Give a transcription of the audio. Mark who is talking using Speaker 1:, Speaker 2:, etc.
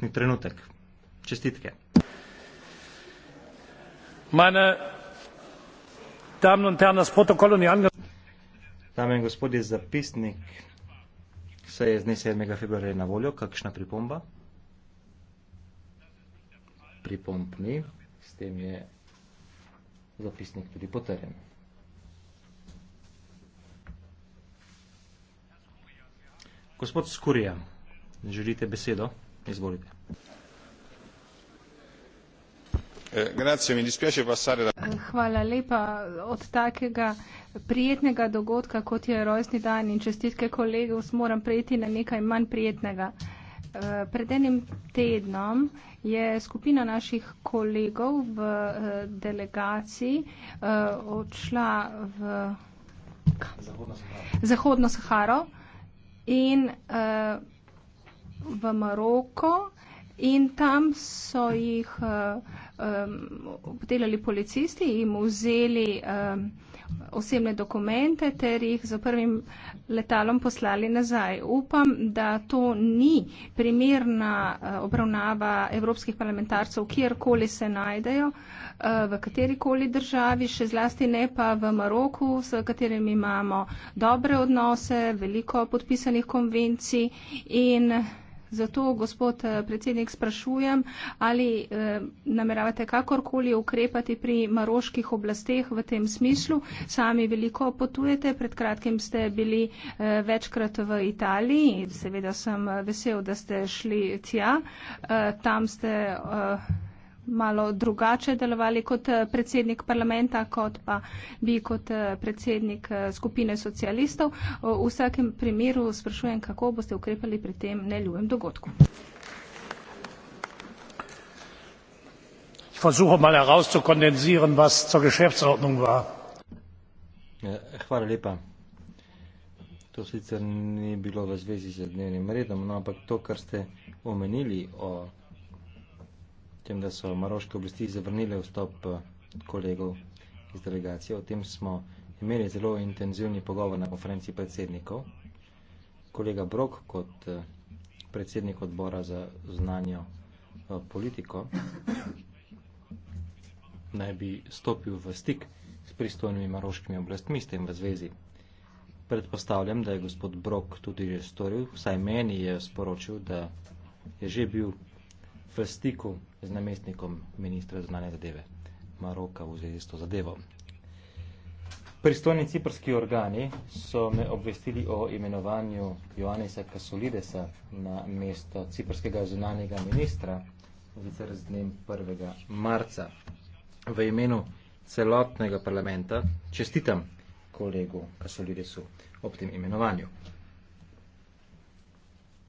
Speaker 1: Ni trenutek. Čestitke. Meine Damen und Herren, das Protokoll und die Ange Dame in gospodje, zapisnik se je z dne 7. februarja na voljo. Kakšna pripomba? Pripomb ni. S tem je zapisnik tudi potrjen. Gospod Skurija, želite besedo? Izvolite.
Speaker 2: Eh, grazie, mi dispiace passare da... Eh, hvala lepa od takega prijetnega dogodka, kot je rojstni dan in čestitke kolegov, moram prejeti na nekaj manj prijetnega. Eh, pred enim tednom je skupina naših kolegov v delegaciji odšla v Zahodno Saharo, Zahodno Saharo in v Maroko in tam so jih um, eh, delali policisti in vzeli um, osebne dokumente ter jih z prvim letalom poslali nazaj. Upam, da to ni primerna eh, obravnava evropskih parlamentarcev, kjerkoli se najdejo, eh, v katerikoli državi, še zlasti ne pa v Maroku, s katerim imamo dobre odnose, veliko podpisanih konvencij in Zato, gospod eh, predsednik, sprašujem, ali eh, nameravate kakorkoli ukrepati pri maroških oblasteh v tem smislu. Sami veliko potujete, pred kratkim ste bili eh, večkrat v Italiji. Seveda sem eh, vesel, da ste šli tja. Eh, tam ste. Eh, malo drugače delovali kot eh, predsednik parlamenta, kot pa bi kot eh, predsednik eh, skupine socialistov. V vsakem primeru sprašujem, kako boste ukrepali pri tem neljubem dogodku. Ja, hvala lepa.
Speaker 1: To sicer ni bilo v zvezi z dnevnim redom, no, ampak to, kar ste omenili o tem, da so maroške oblasti zavrnile vstop eh, kolegov iz delegacije. O tem smo imeli zelo intenzivni pogovor na konferenci predsednikov. Kolega Brok kot eh, predsednik odbora za znanje eh, politiko naj bi stopil v stik s pristojnimi maroškimi oblastmi s tem v zvezi. Predpostavljam, da je gospod Brok tudi že storil, vsaj meni je sporočil, da je že bil v stiku z namestnikom ministra znanja zadeve Maroka v zvezi s to zadevo. Pristojni ciprski organi so me obvestili o imenovanju Joanesa Kasolidesa na mesto ciprskega zunanjega ministra zicer z dnem 1. marca. V imenu celotnega parlamenta čestitam kolegu Kasolidesu ob tem imenovanju.